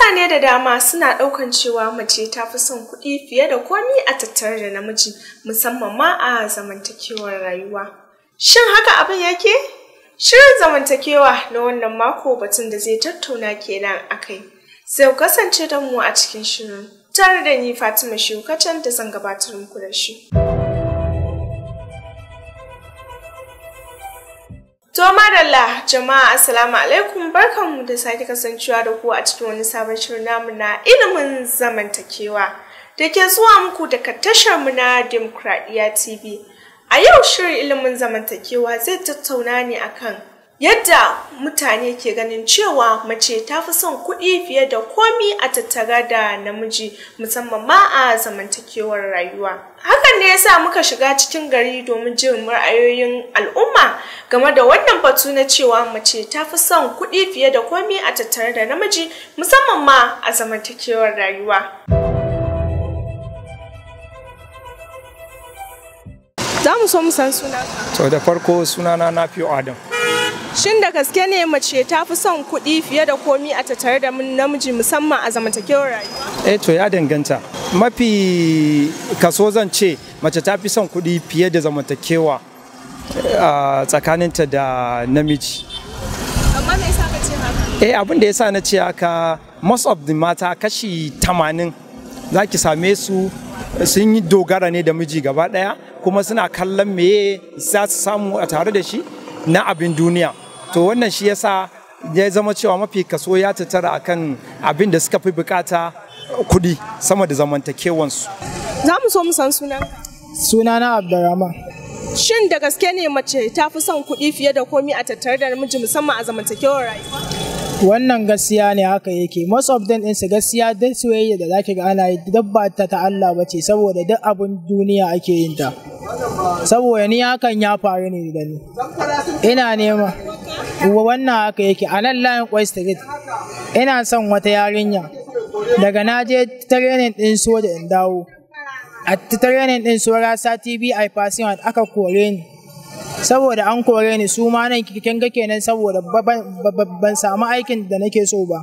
Mutane da dama suna ɗaukan cewa mace ta fi son kuɗi fiye da komi a tattare da namiji musamman ma a zamantakewar rayuwa. Shin haka abin yake? Shirin zamantakewa na wannan mako batun da zai tattauna kenan a kai. Sai kasance da mu a cikin shirin tare da ni Fatima Shukacan da zan gabatar muku da shi. To madalla jama'a assalamu alaikum barkanmu da sake kasancewa da ku a cikin wani sabon shirin namu na ilimin zamantakewa da ke zuwa muku daga tashar mu na Dimokradiya TV. A yau shirin ilimin zamantakewa zai tattauna ne akan Yadda mutane ke ganin cewa mace ta fi son kuɗi fiye da komi a tattara da namiji musamman ma a zamantakewar rayuwa. Hakan ne yasa muka shiga cikin gari domin jin ra'ayoyin al'umma game da wannan batu na cewa mace ta fi son kuɗi fiye da komi a tattare da namiji musamman ma a zamantakewar rayuwa. za mu so mu san suna. To da farko sunana na fiyo Adam. Shin da gaske ne mace ta fi son kuɗi fiye da komi a tattare da namiji musamman a zamantakewar rayuwa? Eh to ya danganta. Mafi kaso zan ce mace ta fi son kuɗi fiye da zamantakewa eh, a tsakaninta da namiji. Amma me yasa ka ce haka? Eh abinda da yasa na ce haka most of the mata kashi tamanin za ki same su sun yi dogara ne da miji gaba ɗaya kuma suna kallon meye za su samu a tare da shi na abin duniya to wannan shi yasa ya zama cewa mafi kaso ya tattara akan abin da suka fi bukata kuɗi sama da zamantakewansu za mu so mu san sunan sunana abdurrahman shin da gaske ne mace ta fi son kuɗi fiye da komi a tattare da namiji musamman a zamantakewar rayuwa wannan gaskiya ne haka yake most of them ɗinsu gaskiya duk soyayya da zaki ga ana yi dabba ta ta Allah bace saboda duk abin duniya ake yin ta saboda ni hakan ya faru ne da ni ina nema wannan haka yake a nan layin kwai street ina son wata yarinya daga na je training din so da in dawo a training din so rasa tv i passing aka kore ni saboda an kore ni su ma nan kikin ga kenan saboda ban samu aikin da nake so ba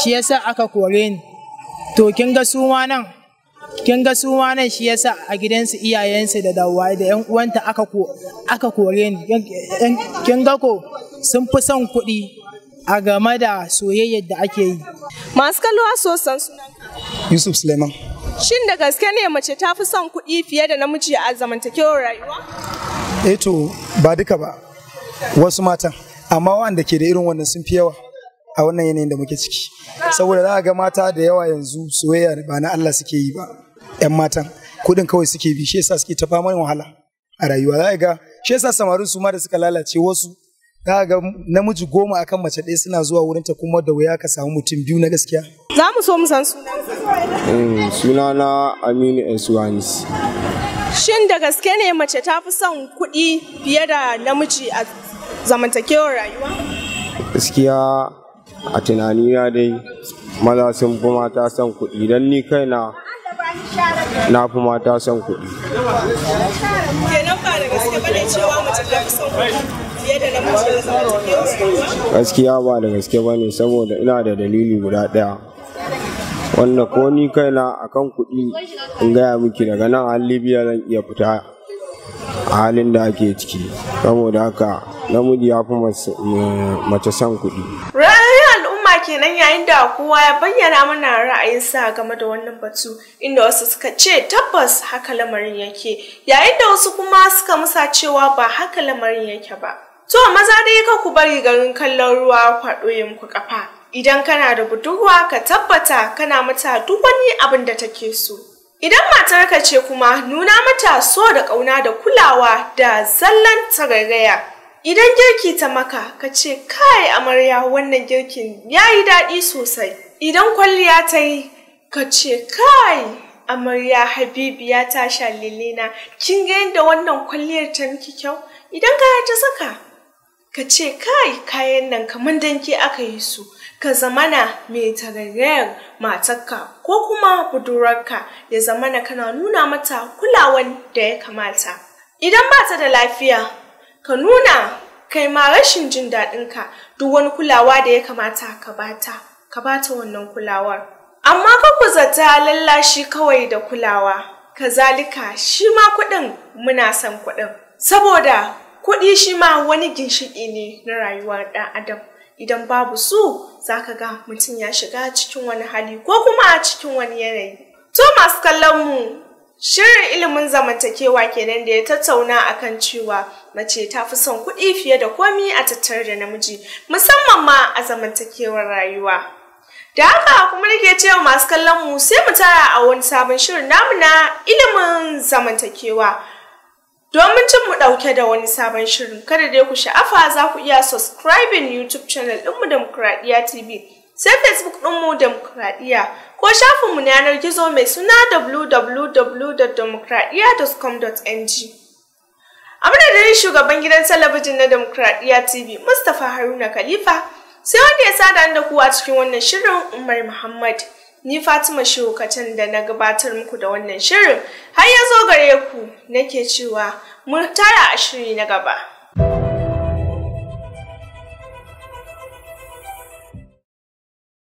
shi yasa aka kore ni to kin ga su ma nan kin ga su nan shi yasa a gidansu iyayensu da dawaye da yan uwanta aka ko aka kore ni kin ga ko sun fi son kuɗi a game da soyayyar da ake yi masu kalwa so san Yusuf Suleiman Shin da gaske ne mace ta fi son kuɗi fiye da namiji a zamantakewar rayuwa? Eh to ba duka ba wasu matan amma wanda ke da irin wannan sun fi yawa a wannan yanayin da muke ciki saboda za a ga mata da yawa yanzu soyayya ba na Allah suke yi ba 'yan matan kuɗin kawai suke bi shi yasa suke ta fama wahala a rayuwa za ga shi yasa samarin su ma da suka lalace wasu za ga namiji goma akan mace ɗaya suna zuwa wurin ta kuma da wuya ka samu mutum biyu na gaskiya za mu so mu san su eh, suna na Aminu Ensuwanis shin da gaske ne mace ta fi son kuɗi fiye da namiji a zamantakewar rayuwa gaskiya a tunanina dai maza sun fi mata son kuɗi don ni kaina na fi mata son kuɗi. gaskiya ba da gaske ba ne saboda ina da dalili guda ɗaya wanda ko ni kaina akan kuɗi in gaya miki daga nan har libya zan iya fita a halin da ake ciki saboda haka namiji ya fi mace son kuɗi. kenan yayin da kowa ya bayyana mana ra'ayinsa game da wannan batu inda wasu suka ce tabbas haka lamarin yake yayin da wasu kuma suka musa cewa ba haka lamarin yake ba to maza dai ka ku bari garin kallon ruwa kwaɗo ya muku kafa idan kana da budurwa ka tabbata kana mata duk wani abin da take so idan matar ka ce kuma nuna mata so da ƙauna da kulawa da zallan tagaigaya Idan girki ta maka, ka ce, kai amarya wannan girkin ya yi daɗi sosai. Idan kwalliya ta yi, ka ce, kai amarya habibiya ta shallilina, kin ga yadda wannan kwalliyar ta miki kyau? Idan kaya ta saka, ka ce, kai kayan nan kamar danke aka yi su, ka zamana mai tagayyar matarka ko kuma budurarka ya zamana kana nuna mata kulawan da ya kamata. Idan ba ta da lafiya, ka nuna kai ma rashin jin daɗinka duk wani kulawa da ya kamata ka bata ka bata wannan kulawar amma ka ku zata lallashi kawai da kulawa kazalika shi ma kuɗin muna son kuɗin saboda kuɗi shi ma wani ginshiƙi ne na rayuwar ɗan adam idan babu su za ka ga mutum ya shiga cikin wani hali ko kuma a cikin wani yanayi to masu kallon mu Shirin ilimin zamantakewa kenan da ya tattauna a kan cewa mace ta fi son kuɗi fiye da komi a tattare da namiji musamman ma a zamantakewar rayuwa. Da haka kuma nake cewa masu kallon mu sai mu tara a wani sabon shirin namu na ilimin zamantakewa. Domin cin mu ɗauke da wani sabon shirin kada dai ku sha'afa za ku iya subscribing YouTube channel ɗinmu Demokuraɗiyya TV sai facebook ɗinmu demokradiyya ko shafinmu na yanar gizo mai suna www.demokradiyya.com.ng a madadin shugaban gidan talabijin na demokradiyya tv mustapha haruna khalifa sai wanda ya sada da kuwa cikin wannan shirin umar muhammad ni fatima shukacin da na gabatar muku da wannan shirin har ya zo gare ku nake cewa mu tara a shiri na gaba